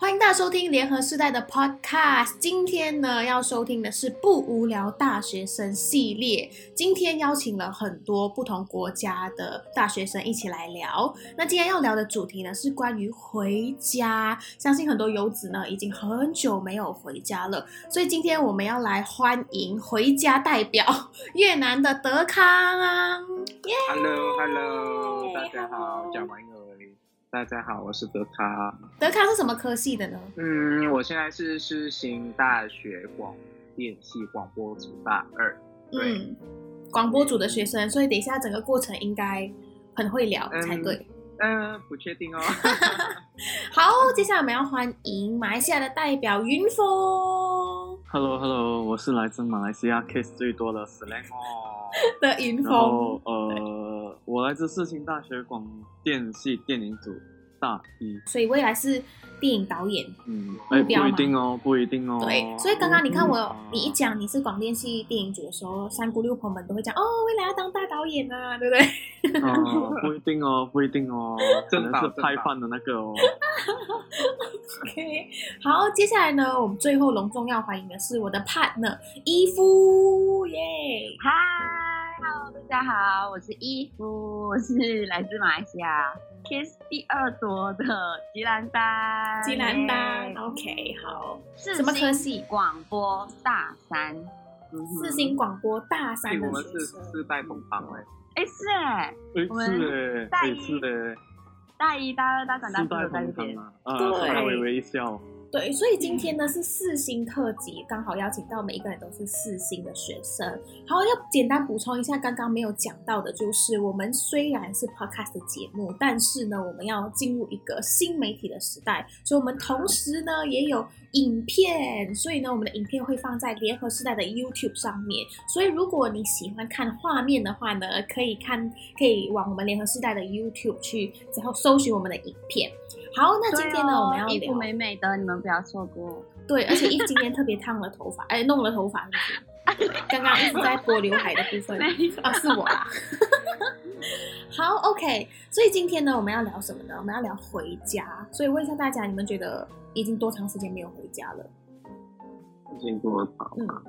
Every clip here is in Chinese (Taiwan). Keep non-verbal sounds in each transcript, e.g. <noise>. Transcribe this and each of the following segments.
歡迎大家收聽聯合世代的 Podcast。今天呢，要收聽的是不無聊大學生系列。今天邀請了很多不同國家的大學生一起來聊。那今天要聊的主題呢，是關於回家。相信很多游子呢，已經很久沒有回家了。所以今天我們要來歡迎回家代表越南的德康。耶，Hello，Hello，hello,、hey, hello. 大家好，chào mọi người。大家好，我是德康。德康是什麼科系的呢？嗯，我現在是世新大學廣電系廣播組大二。嗯，廣播組的學生，嗯，所以等一下整個過程應該很會聊才對。嗯，嗯，不確定哦。 <laughs> <laughs> 好，接下來我們要歡迎馬來西亞的代表雲峰。Hello Hello，我是來自馬來西亞 kiss 最多的 slanger 的雲峰。呃我來自世新大學廣電系電影組大一，所以未來是電影導演。嗯，不一定哦，不一定哦。對，所以剛剛你看我、嗯啊，你一講你是廣電系電影組的時候，三姑六婆們都會講哦，未來要當大導演啊，對不對？嗯、不一定哦，不一定哦，真 <laughs> 的是拍飯的那個哦。 <laughs> <laughs> OK，好，接下來呢，我們最後隆重要歡迎的是我的 partner 伊夫，耶、yeah.，嗨。Hello，大家好，我是 Eve，我是來自馬來西亞 Kiss 第二多的吉蘭丹，吉蘭丹，OK，好，是什麼科系？廣播大三，mm -hmm. 四星廣播大三，hey,。我們是四代風帆哎，欸、是哎，欸欸欸，我們大一的，大一、大二、大三、大四的班，對，微微一笑。對，所以今天呢是四星特輯，剛好邀請到每一個人都是四星的學生。好，要簡單補充一下，剛剛沒有講到的就是，我們雖然是 Podcast 節目，但是呢，我們要進入一個新媒體的時代，所以我們同時呢也有。影片，所以呢，我們的影片會放在聯合世代的 YouTube 上面。所以，如果你喜歡看畫面的話呢，可以看，可以往我們聯合世代的 YouTube 去，然後搜尋我們的影片。好，那今天呢，哦、我們要一部美美的，你們不要錯過。對，而且一今天特別燙了頭髮， <laughs> 哎，弄了頭髮是不是， <laughs> 剛剛一直在撥劉海的部分， <laughs> 啊，是我啦。 <laughs> 好，OK。所以今天呢，我們要聊什麼呢？我們要聊回家。所以問一下大家，你們覺得已經多長時間沒有回家了？已經過早了。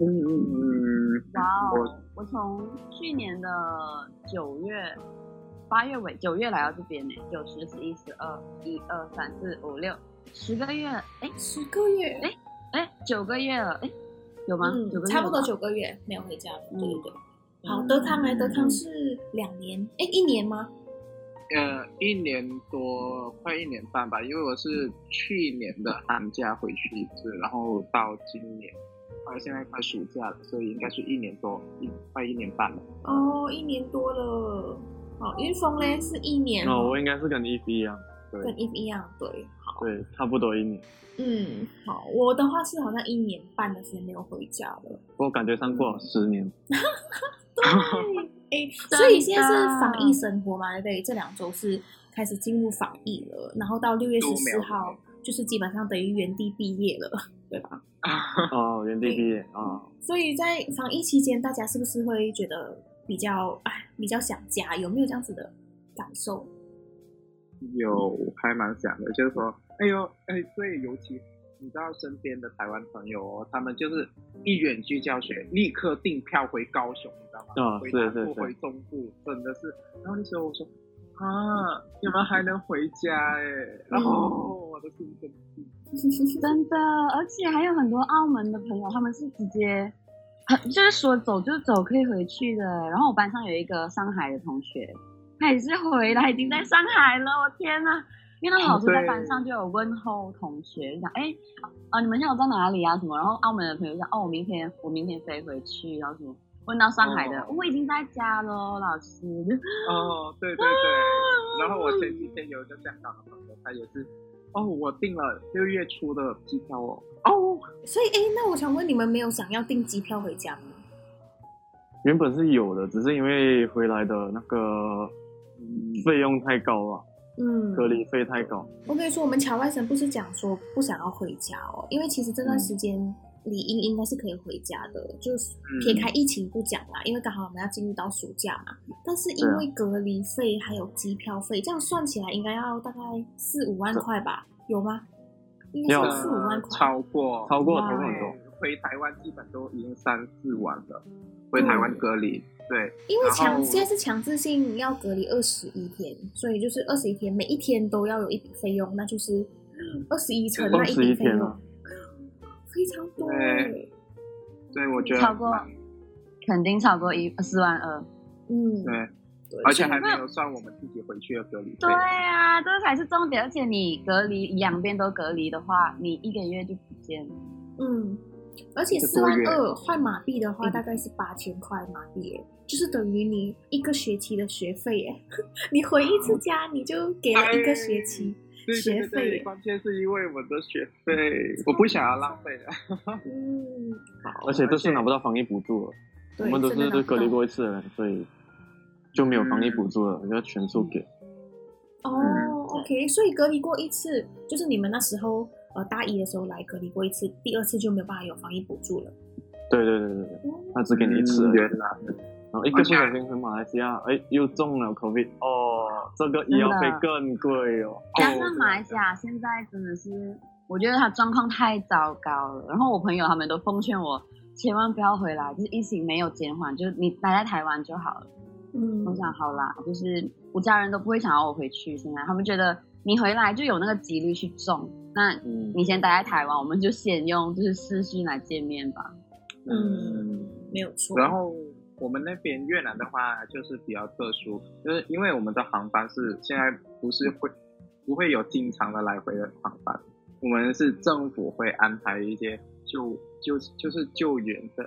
嗯嗯嗯，嗯。我從去年的九月八月尾九月來到這邊呢，九十十一十二一二三四五六十個月，哎，十個月，哎哎九個月了，哎，有嗎，嗯、九個月有嗎？差不多九個月沒有回家了。對對對。嗯好、嗯，德康來，德康是兩年，哎、欸，一年嗎？呃，一年多，快一年半吧。因為我是去年的寒假回去一次，然後到今年啊現在快暑假了，所以應該是一年多，一快一年半了。哦，一年多了。好，嗯、雲峰呢是一年哦。哦，我應該是跟 Eve 一樣，跟 Eve 一樣，對，好，對，差不多一年。嗯，好，我的話是好像一年半的時間沒有回家了。我感覺上過了十年。嗯 <laughs> <laughs> 對，哎，所以現在是防疫生活嘛，對不對？這兩週是開始進入防疫了，然後到六月十四號，就是基本上等於原地畢業了，對吧？哦，原地畢業啊！所以在防疫期間，大家是不是會覺得比較哎，比較想家？有沒有這樣子的感受？有，還蠻想的，就是說，哎呦，哎，所以，尤其。你知道身邊的台灣朋友，哦，他們就是一遠距教學，立刻訂票回高雄，你知道嗎？哦，是是是。回南部，回中部，真的是。然後那時候我說，啊，你們還能回家誒？然後、嗯、我都氣瘋了。真的，而且還有很多澳門的朋友，他們是直接，很就是說走就走，可以回去的。然後我班上有一個上海的同學，他也是回來，已經在上海了。嗯、我天哪！因為他老師在班上就有問候同學，想哎啊、欸呃、你們現在在哪裡啊什麼？然後澳門的朋友就哦我明天我明天飛回去然後什麼？問到上海的、哦、我已經在家嘍老師。哦對對對、啊。然後我前幾天有一個香港的朋友他也是哦我訂了六月初的機票哦哦。所以哎、欸、那我想問你們沒有想要訂機票回家嗎？原本是有的，只是因為回來的那個費用太高了。嗯，隔離費太高。我跟你說，我們僑外生不是講說不想要回家哦，因為其實這段時間理、嗯、應應該是可以回家的，就是撇開疫情不講啦、嗯，因為剛好我們要進入到暑假嘛。但是因為隔離費還有機票費、啊，這樣算起來應該要大概四五萬塊吧？有嗎？應該4，沒有四五萬塊，超過超過很多很多，回台灣基本都已經三四萬了。回台灣隔離，對，因為強現在是強制性要隔離二十一天，所以就是二十一天，每一天都要有一筆費用，那就是二十一層那一筆費用、嗯天啊，非常多。對，所以我覺得超過肯定超過一四萬二，嗯對，對，而且還沒有算我們自己回去要隔離。對啊，這才是重點，而且你隔離兩邊都隔離的話，你一個月就不見，嗯。而且四萬二換馬幣的話，大概是八千塊馬幣耶，哎、嗯，就是等於你一個學期的學費耶，哎， <laughs> 你回一次家你就給了一個學期學費、哎。關鍵是因為我的學費，嗯、我不想要浪費了。 <laughs> 嗯，而且都是拿不到防疫補助，嗯 <laughs> 防疫補助，我們都是隔離過一次的人，所以就沒有防疫補助了，要、嗯、全數給。哦，嗯、哦，OK，所以隔離過一次，就是你們那時候。呃，大一的時候來隔離過一次，第二次就沒有辦法有防疫補助了。對對對對、嗯、他只給你一次元。然、嗯、後、哦嗯、一個不小心去馬來西亞，哎，又中了 COVID 哦，這個醫藥費更貴哦，哦。加上馬來西亞現在真的是，我覺得它狀況太糟糕了。然後我朋友他們都奉勸我千萬不要回來，就是疫情沒有減緩，就是你待在台灣就好了。嗯，我想好啦，就是我家人都不會想要我回去，現在他們覺得。你回來就有那個幾率去中，那你先待在台灣、嗯，我們就先用就是視訊來見面吧。嗯，沒有錯。然後我們那邊越南的話就是比較特殊，就是因為我們的航班是現在不是會不會有經常的來回的航班，我們是政府會安排一些救救就，就是救援的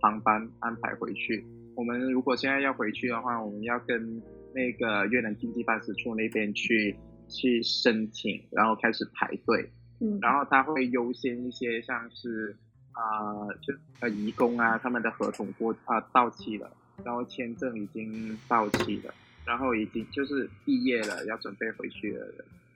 航班安排回去。我們如果現在要回去的話，我們要跟那個越南經濟辦事處那邊去。去申請，然後開始排隊，嗯，然後他會優先一些，像是啊、呃，就呃，移工啊，他們的合同過啊到期了，然後簽證已經到期了，然後已經就是畢業了要準備回去的人，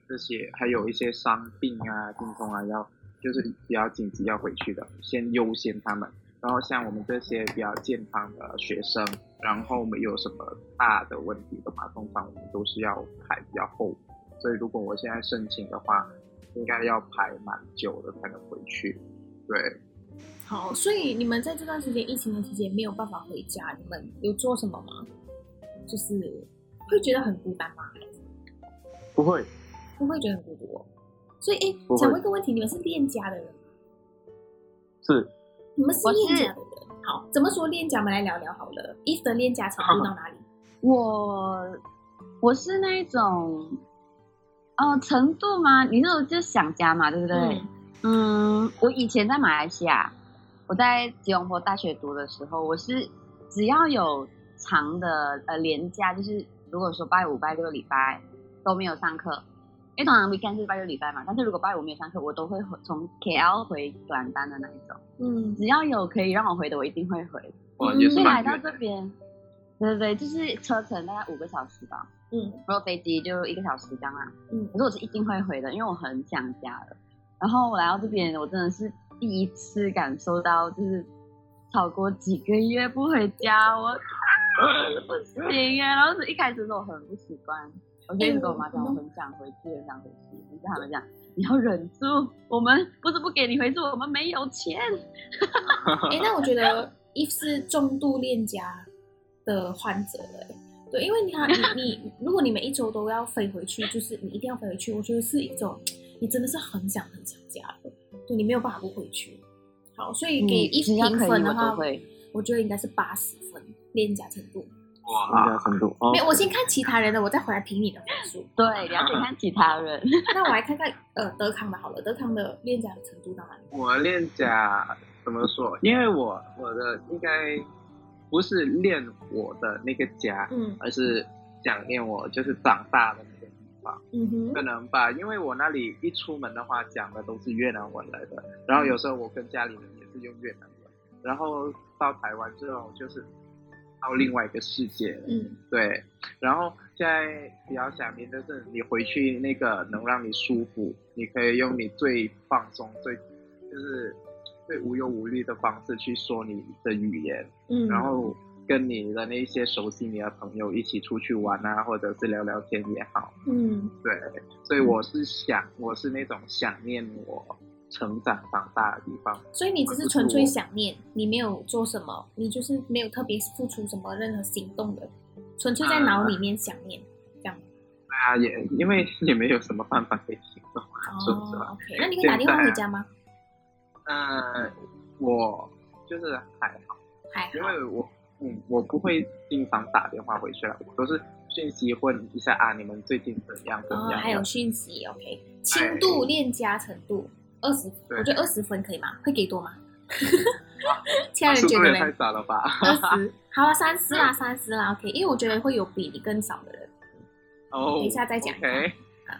這些還有一些傷病啊、病痛啊，要就是比較緊急要回去的，先優先他們。然後像我們這些比較健康的學生，然後沒有什麼大的問題的話，通常我們都是要排比較後。所以，如果我現在申請的話，應該要排蠻久的才能回去。對，好，所以你們在這段時間疫情的時間沒有辦法回家，你們有做什麼嗎？就是會覺得很孤單嗎？不會，不會覺得很孤獨。所以，哎、欸，想問一個問題：你們是戀家的人嗎？是，你們是戀家的人。好，怎麼說戀家？我們來聊聊好了。意思戀家程度到哪裡？我我是那種。哦，程度嗎？你說就想家嘛，對不對？嗯，嗯，我以前在馬來西亞，我在吉隆坡大學讀的時候，我是只要有長的呃連假，就是如果說拜五拜六禮拜都沒有上課，因為通常 weekend 是拜六禮拜嘛，但是如果拜五沒有上課，我都會從 KL 回短單的那一種。嗯，只要有可以讓我回的，我一定會回。哇、哦，就是來、嗯、到這邊。嗯對對對，就是車程大概五個小時吧。嗯，不過飛機就一個小時，這樣啊。嗯，可是我是一定會回的，因為我很想家了。然後我來到這邊，我真的是第一次感受到，就是超過幾個月不回家，我、啊、不行啊！然後是一開始的時候我很不習慣，我開始跟我媽講，我很想回去、嗯，很想回去。然後他們講，你要忍住，我們不是不給你回去，我們沒有錢。哎、 <laughs> 欸，那我覺得如果 <laughs> 是重度戀家。的患者，對，因為你看，你你，如果你每一周都要飛回去，就是你一定要飛回去，我覺得是一種，你真的是很想很想家的，就你沒有辦法不回去。好，所以給一評分的話，我覺得應該是八十分，戀家程度。哇，戀家程度，哦、沒我先看其他人的，我再回來評你的分數。對，了解看其他人。 <laughs> 那我來看看，呃，德康的，好了，德康的戀家的程度到哪裡？我戀家怎麼說？因為我我的應該。不是念我的那個家，嗯，而是想念我就是長大的那個地方，嗯哼，可能吧，因為我那裡一出門的話講的都是越南文來的，然後有時候我跟家裡人也是用越南文，然後到台灣之後就是到另外一個世界了，嗯，對，然後現在比較想念的是你回去那個能讓你舒服，你可以用你最放鬆最就是。對無憂無慮的方式去說你的語言，嗯，然後跟你的那些熟悉你的朋友一起出去玩啊，或者是聊聊天也好，嗯，對，所以我是想、嗯，我是那種想念我成長長大的地方。所以你只是純粹想念，你沒有做什麼，你就是沒有特別付出什麼任何行動的，純粹在腦裡面想念、啊、這樣。啊，也因為你沒有什麼辦法可以行動，哦、是不是？哦 okay. 那你可以打電話回家嗎？嗯，我就是還好，還好，因為我，嗯，我不會經常打電話回去了，我都是訊息問一下啊，你們最近怎麼樣、哦？怎麼樣？還有訊息，OK，輕度戀家程度二十、哎，我覺得二十分可以嗎？會給多嗎？ <laughs> 親愛的，其他人覺得二十，啊、太少了吧 <laughs> 20，好了，三十啦，三十啦，啦，OK，因為我覺得會有比你更少的人，oh, 等一下再講、okay。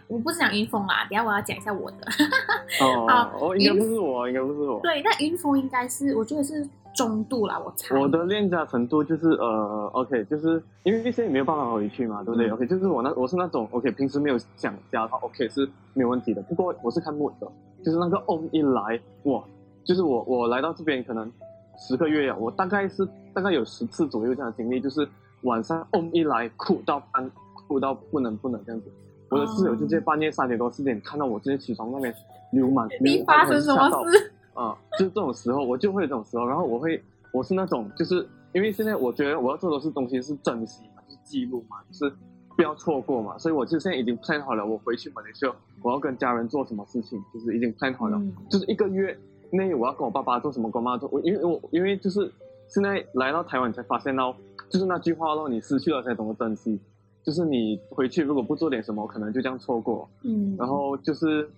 我不是講雲峰啊，等一下我要講一下我的。 <laughs> 哦， <laughs> 好哦，應該不是我應，應該不是我。對，那雲峰應該是，我覺得是中度啦，我猜。我的戀家程度就是呃，OK，就是因為一些也沒有辦法回去嘛，對不對，嗯？OK，就是我，那我是那種 OK，平時沒有想家的話，OK 是沒有問題的。不過我是看 mood 的，就是那個 OM 一來哇，就是我我來到這邊可能十個月，我大概是大概有十次左右這樣的經歷，就是晚上 OM 一來哭到安，哭到不能不能這樣子。我的室友就在半夜三點多四點看到我直接起床那邊流滿，你發生什麼事？啊、嗯，就是這種時候，我就會有這種時候，然後我會，我是那種就是因為現在我覺得我要做的是東西是珍惜嘛，是記錄嘛，就是不要錯過嘛，所以我就現在已經 plan 好了，我回去馬來西亞，我要跟家人做什麼事情，就是已經 plan 好了，嗯、就是一個月內我要跟我爸爸做什麼，跟我媽做，我因為我因為就是現在來到台灣才發現到，就是那句話讓你失去了才懂得珍惜。就是你回去，如果不做點什麼，可能就這樣錯過。嗯，然後就是，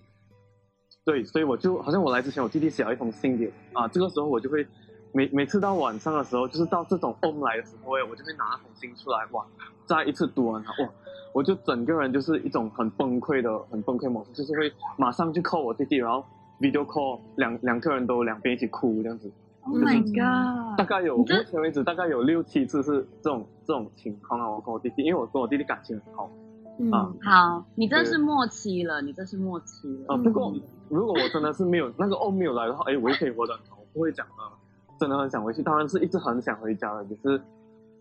對，所以我就好像我來之前，我弟弟寫了一封信給啊，這個時候我就會每每次到晚上的時候，就是到這種 home 來的時候，我就會拿一封信出來，哇，再一次讀完它，哇，我就整個人就是一種很崩潰的、很崩潰模式，就是會馬上就 call 我弟弟，然後 video call 兩兩個人都兩邊一起哭這樣子。Oh my god，大概有目前為止大概有六七次是這種這，這種情況啊，我跟我弟弟，因為我跟我弟弟感情很好，嗯，呃、好，你真是默契了，你真是默契了啊。不、嗯、過、呃嗯、如果我真的是沒有那個哦沒有來的話，哎、欸，我也可以我轉我不會講了，真的很想回去，當然是一直很想回家了。只是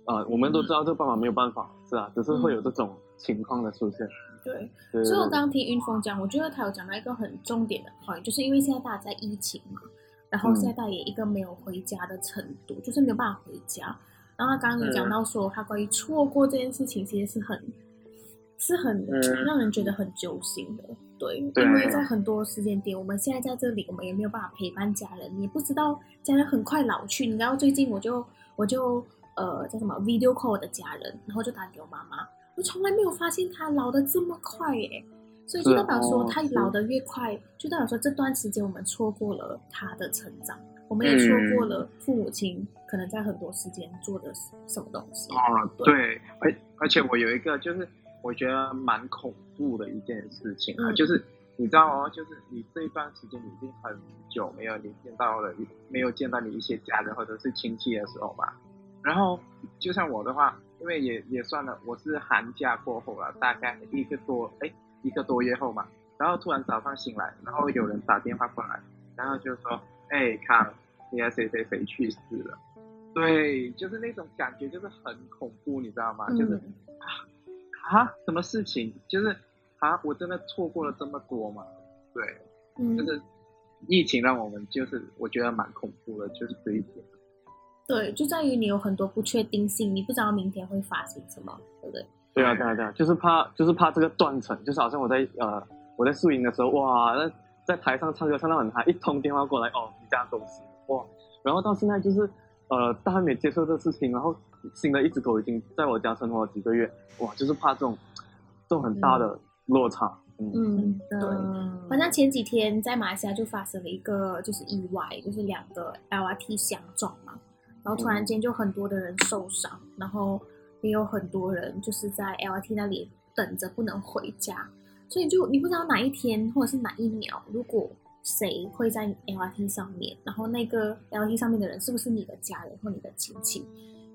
啊、呃，我們都知道這個辦法沒有辦法，是啊、嗯，只是會有這種情況的出現、嗯。對，所以我剛聽云峰講，我覺得他有講到一個很重點的話，就是因為現在大家在疫情嘛。然後現在也一個沒有回家的程度，嗯，就是沒有辦法回家。然後剛剛你講到說他關於錯過這件事情，其實是很，是很，嗯、讓人覺得很揪心的。對、嗯，因為在很多時間點，我們現在在這裡，我們也沒有辦法陪伴家人，也不知道家人很快老去。你知道最近我就我就呃叫什麼 video call 我的家人，然後就打給我媽媽，我從來沒有發現他老得這麼快耶。所以就代表說，他老得越快，哦，就代表說這段時間我們錯過了他的成長，我們也錯過了父母親可能在很多時間做的什麼東西啊、嗯。對，而而且我有一個就是我覺得蠻恐怖的一件事情啊、嗯、就是你知道哦，就是你這一段時間已經很久沒有你見到了，沒有見到你一些家人或者是親戚的時候吧。然後就像我的話，因為也也算了，我是寒假過後了，大概一個多哎。一個多月後嘛，然後突然早上醒來，然後有人打電話過來，然後就說：“哎、欸、看，你家誰誰誰誰去世了。”對，就是那種感覺，就是很恐怖，你知道嗎？就是啊、嗯、啊，什麼事情？就是啊，我真的錯過了這麼多嘛？對、嗯，就是疫情讓我們就是我覺得蠻恐怖的，就是這一點。對，就在於你有很多不確定性，你不知道明天會發生什麼，對不對？對啊，對啊，對啊，對啊，就是怕，就是怕這個斷層，就是好像我在呃，我在宿營的時候，哇，那在台上唱歌唱到很嗨，一通電話過來，哦，你家狗死了，哇，然後到現在就是，呃，他還沒接受這個事情，然後新的一隻狗已經在我家生活了幾個月，哇，就是怕這種，這種很大的落差。嗯，嗯對，反正前幾天在馬來西亞就發生了一個就是意外，就是兩個 LRT 相撞嘛，然後突然間就很多的人受傷，嗯、然後。也有很多人就是在 LRT 那裡等着不能回家，所以就你不知道哪一天或者是哪一秒，如果誰會在 LRT 上面，然後那個 LRT 上面的人是不是你的家人或你的親戚，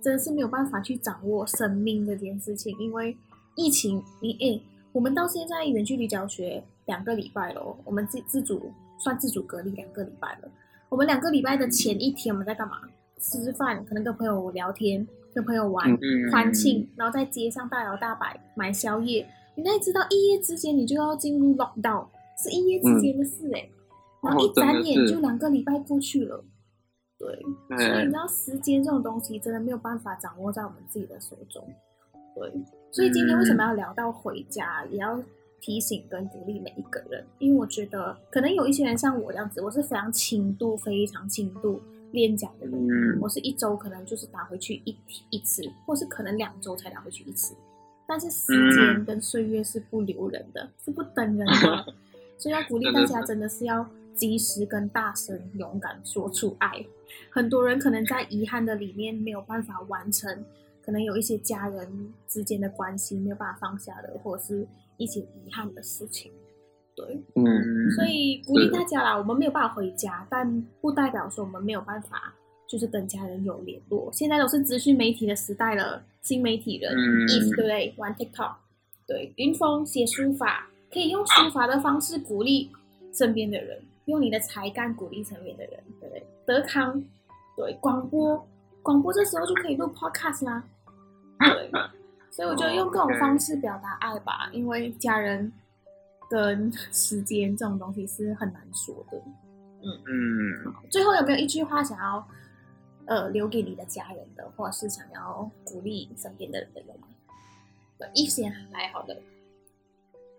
真的是沒有辦法去掌握生命這件事情。因為疫情，你誒，我們到現在遠距離教學兩個禮拜了，我們自自主算自主隔離兩個禮拜了。我們兩個禮拜的前一天，我們在幹嘛？吃飯，可能跟朋友聊天。跟朋友玩歡慶、嗯嗯，然後在街上大搖大擺買宵夜，你哪知道一夜之間你就要進入 lockdown，是一夜之間的事哎、嗯哦，然後一眨眼就兩個禮拜過去了對。對，所以你知道時間這種東西真的沒有辦法掌握在我們自己的手中。對，所以今天為什麼要聊到回家，嗯、也要提醒跟鼓勵每一個人，因為我覺得可能有一些人像我這樣子，我是非常輕度，非常輕度。戀家的人，我是一周可能就是打回去一一次，或是可能兩周才打回去一次。但是時間跟歲月是不留人的，是不等人的。所以要鼓勵大家，真的是要及時跟大聲、勇敢說出愛。很多人可能在遺憾的裡面沒有辦法完成，可能有一些家人之間的關係沒有辦法放下的，或者是一些遺憾的事情。對，嗯，所以鼓勵大家啦，我們沒有辦法回家，但不代表說我們沒有辦法，就是跟家人有聯絡。現在都是資訊媒體的時代了，新媒體人，嗯、If, 對不對？玩 TikTok，對，雲峰寫書法，可以用書法的方式鼓勵身邊的人，用你的才幹鼓勵身邊的人，對不對？德康，對，廣播，廣播這時候就可以錄 podcast 啦，對，所以我就用各種方式表達愛吧，哦 okay。因為家人。跟時間這種東西是很難說的，嗯嗯。最後有沒有一句話想要呃留給你的家人的、的或者是想要鼓勵身邊的人的嗎？有一些還蠻好的。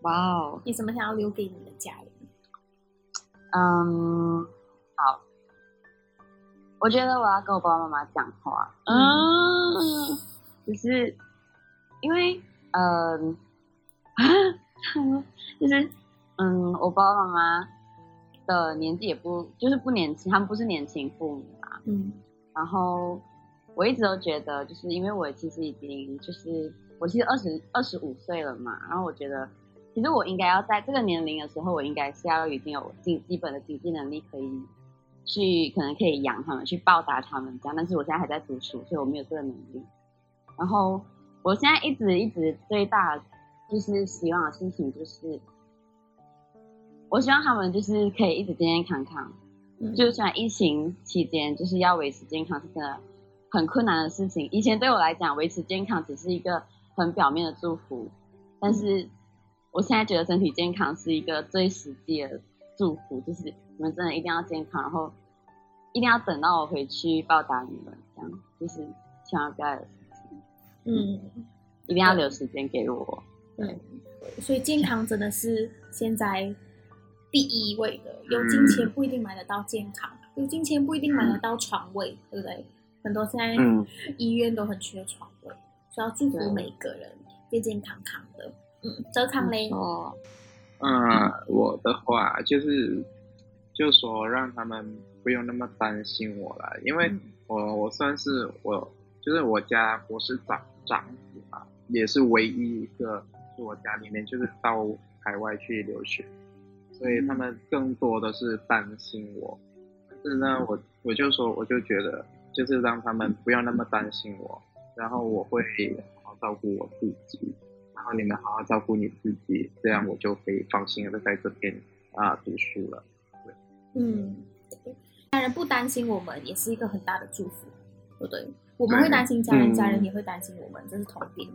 哇哦，你什麼想要留給你的家人？嗯，好，我覺得我要跟我爸爸媽媽講話，嗯，嗯，就是因為嗯啊。 <laughs> <laughs> 就是，嗯，我爸爸媽媽的年紀也不，就是不年輕，他們不是年輕父母嘛。嗯。然後我一直都覺得，就是因為我其實已經就是我其實二十二十五歲了嘛，然後我覺得其實我應該要在這個年齡的時候，我應該是要已經有基基本的經濟能力，可以去可能可以養他們，去報答他們家。但是我現在還在讀書，所以我沒有這個能力。然後我現在一直一直最大。就是希望的事情，就是我希望他們就是可以一直健健康康。嗯、就算疫情期間，就是要維持健康是真的很困難的事情。以前對我來講，維持健康只是一個很表面的祝福，但是我現在覺得身體健康是一個最實際的祝福。就是你們真的一定要健康，然後一定要等到我回去報答你們，這樣就是想要不要有事情嗯。嗯，一定要留時間給我。嗯嗯，所以健康真的是現在第一位的。有金錢不一定買得到健康，嗯，有金錢不一定買得到床位，嗯，對不對？很多現在醫院都很缺床位，所以要祝福每個人健健康康的。嗯，健康沒哦。嗯，嗯嗯 uh, 我的話就是，就說讓他們不用那麼擔心我了，因為我我算是我就是我家我是長長子嘛，也是唯一一個。我家裡面就是到海外去留學，所以他們更多的是擔心我。但是呢，我我就說，我就覺得，就是讓他們不要那麼擔心我，然後我會好好照顧我自己，然後你們好好照顧你自己，這樣我就可以放心的在這邊啊讀書了。對，嗯，家人不擔心我們也是一個很大的祝福，對不對？我們會擔心家人、嗯，家人也會擔心我們，這、就是同病。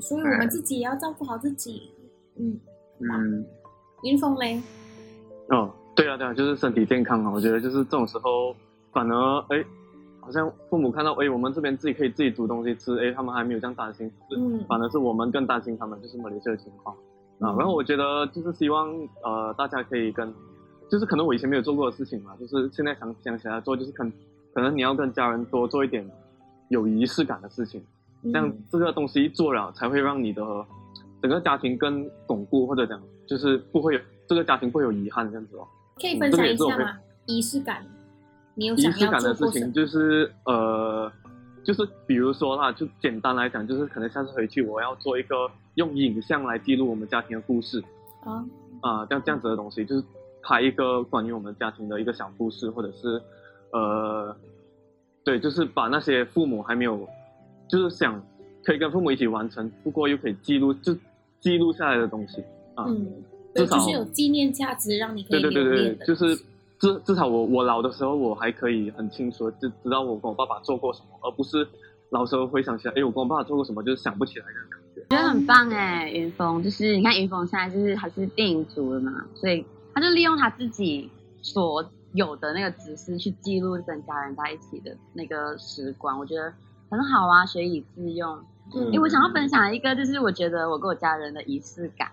所以我們自己也要照顧好自己，嗯嗯。雲峰嘞？哦、oh,，對啊對啊，就是身體健康啊。我覺得就是這種時候，反而哎，好像父母看到哎，我們這邊自己可以自己煮東西吃，哎，他們還沒有這樣擔心，嗯，就是、反而是我們更擔心他們就是某這些情況啊。然後我覺得就是希望呃，大家可以跟，就是可能我以前沒有做過的事情嘛，就是現在想想起來做，就是可能可能你要跟家人多做一點有儀式感的事情。這樣、嗯、這個東西一做了，才會讓你的整個家庭更鞏固，或者講就是不會有這個家庭不會有遺憾這樣子哦。可以分享一下嗎、啊？儀式感，你有想要做什麼？儀式感的事情就是呃，就是比如說啦，就簡單來講，就是可能下次回去我要做一個用影像來記錄我們家庭的故事啊啊、哦呃，這樣這樣子的東西、嗯，就是拍一個關於我們家庭的一個小故事，或者是呃，對，就是把那些父母還沒有。就是想可以跟父母一起完成，不過又可以記錄，就記錄下來的東西啊，嗯至少，就是有紀念價值，讓你可以對，對對對對，就是至至少我我老的時候，我還可以很清楚就知道我跟我爸爸做過什麼，而不是老時候回想起來，哎，我跟我爸爸做過什麼，就是想不起來的感覺。嗯、覺得很棒哎、欸，雲峰，就是你看雲峰現在就是還是電影組了嘛，所以他就利用他自己所有的那個知識去記錄跟家人在一起的那個時光，我覺得。很好啊，學以致用。因、嗯、為我想要分享一個，就是我覺得我跟我家人的儀式感，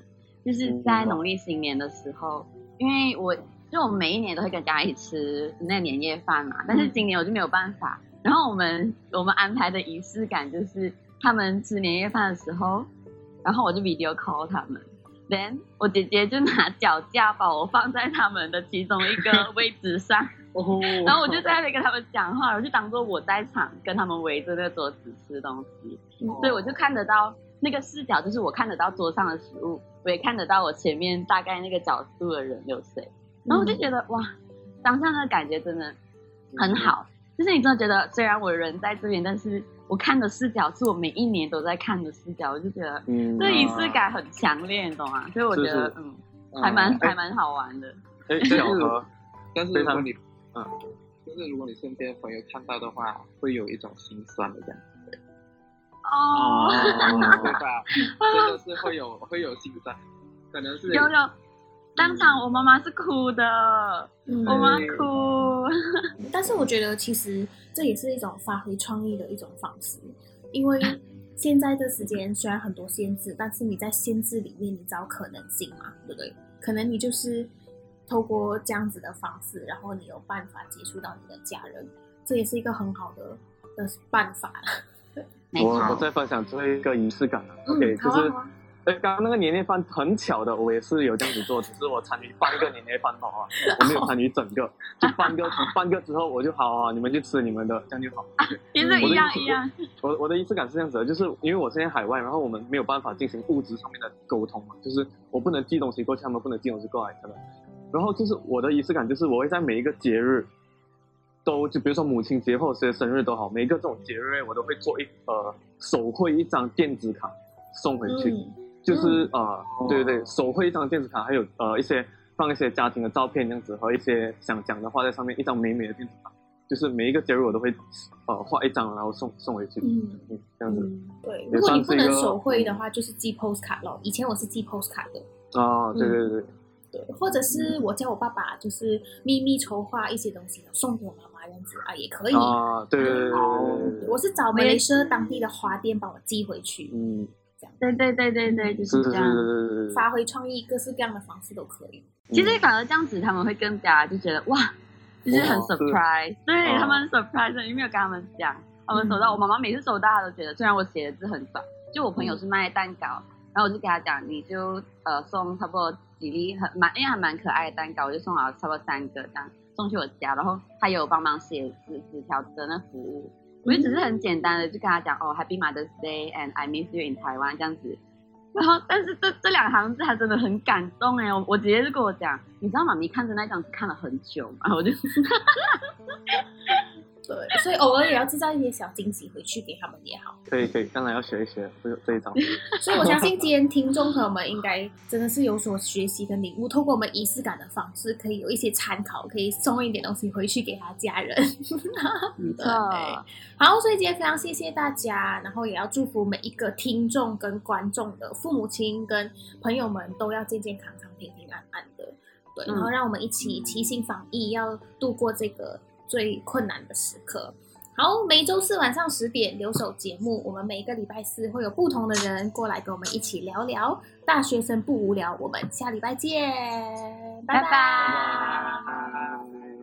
就是在農曆新年的時候，嗯、因為我就我每一年都會跟家裡吃那年夜飯嘛，但是今年我就沒有辦法。嗯、然後我們我們安排的儀式感就是，他們吃年夜飯的時候，然後我就 video call 他們，then 我姐姐就拿腳架把我放在他們的其中一個位置上。 <laughs> Oh, 然後我就在那邊跟他們講話，我、oh, 就當做我在場，跟他們圍着那個桌子吃東西，oh. 所以我就看得到那個視角，就是我看得到桌上的食物，我也看得到我前面大概那個角度的人有誰。歲 mm -hmm. 然後我就覺得哇，當下的感覺真的很好，mm -hmm. 就是你真的覺得雖然我人在這邊，但是我看的視角是我每一年都在看的視角，我就覺得嗯，這、mm -hmm. 儀式感很強烈，你懂嗎？所以我覺得是是嗯，還蠻、欸、還蠻好玩的。但、欸欸就是，但是非常你。嗯，就是如果你身邊朋友看到的話，會有一種心酸的感覺，哦，哦，對吧，真的，就是會有 <laughs> 會有心酸，可能是有有。當場我媽媽是哭的、嗯，我媽哭。 <laughs> 但是我覺得其實這也是一種發揮創意的一種方式，因為現在這時間雖然很多限制，但是你在限制裡面你找可能性嘛，對不對？可能你就是。透過這樣子的方式，然後你有辦法接觸到你的家人，這也是一個很好的的辦法。對，哎、我我在分享這個儀式感了。嗯，OK，剛、啊、剛那個年夜飯很巧的，我也是有這樣子做，只是我參與半個年夜飯好啊。我沒有參與整個，就半個， <laughs> 半個之後我就好啊，你們就吃你們的，這樣就好。一樣一樣。我的、啊、我，我的儀式感是這樣子的，就是因為我現在海外，然後我們沒有辦法進行物質上面的溝通嘛，就是我不能寄東西過去，他們不能寄東西過來，真的。然後就是我的儀式感，就是我會在每一個節日都，都就比如說母親節或者是生日都好，每一個這種節日我都會做一呃手繪一張電子卡送回去，嗯、就是啊、嗯呃、對對對、哦、手繪一張電子卡，還有呃一些放一些家庭的照片這樣子，和一些想講的話在上面，一張美美的電子卡，就是每一個節日我都會呃畫一張，然後送送回去，嗯，這樣子。嗯、對也算是一個。如果你不能手繪的話，嗯、就是寄 post 卡咯，以前我是寄 post 卡的啊、哦，對對對。嗯或者是我叫我爸爸，就是秘密籌劃一些東西送給我媽媽，這樣子啊也可以。啊，對，啊對，對，對我是找梅雷舍當地的花店幫我寄回去。嗯，對對對對對、嗯，就是這樣。發揮創意，各式各樣的方式都可以。其實反而、嗯嗯、這樣子，他們會更加就覺得哇，就是很 surprise，是對、哦、他們很 surprise，因為沒有跟他們講。他們收到、嗯、我媽媽每次收到，都覺得雖然我寫的字很短，就我朋友是賣蛋糕。嗯然後我就跟他講，你就呃送差不多幾粒很蠻，因為還蠻可愛的蛋糕，我就送了差不多三個，這樣送去我家，然後他有幫忙寫紙紙條的那服務，嗯、我就只是很簡單的就跟他講，哦，Happy Mother's Day and I miss you in Taiwan 這樣子，然後但是這這兩行字還真的很感動哎，我姐姐就跟我講，你知道媽咪看着那張紙看了很久嗎？然後我就是。 <laughs> 對，所以偶爾也要製造一些小驚喜回去給他們也好。可以可以，當然要學一學這這一招。所以，我相信今天聽眾朋友們應該真的是有所學習的禮物，透過我們儀式感的方式，可以有一些參考，可以送一點東西回去給他的家人。 <laughs> 對，好，所以今天非常謝謝大家，然後也要祝福每一個聽眾跟觀眾的父母親跟朋友們都要健健康康、平平安安的。對、嗯，然後讓我們一起齊心防疫，要度過這個最困難的時刻。好，每周四晚上十點留守節目，我們每一個禮拜四會有不同的人過來跟我們一起聊聊。大學生不無聊，我們下禮拜見，拜拜。拜拜。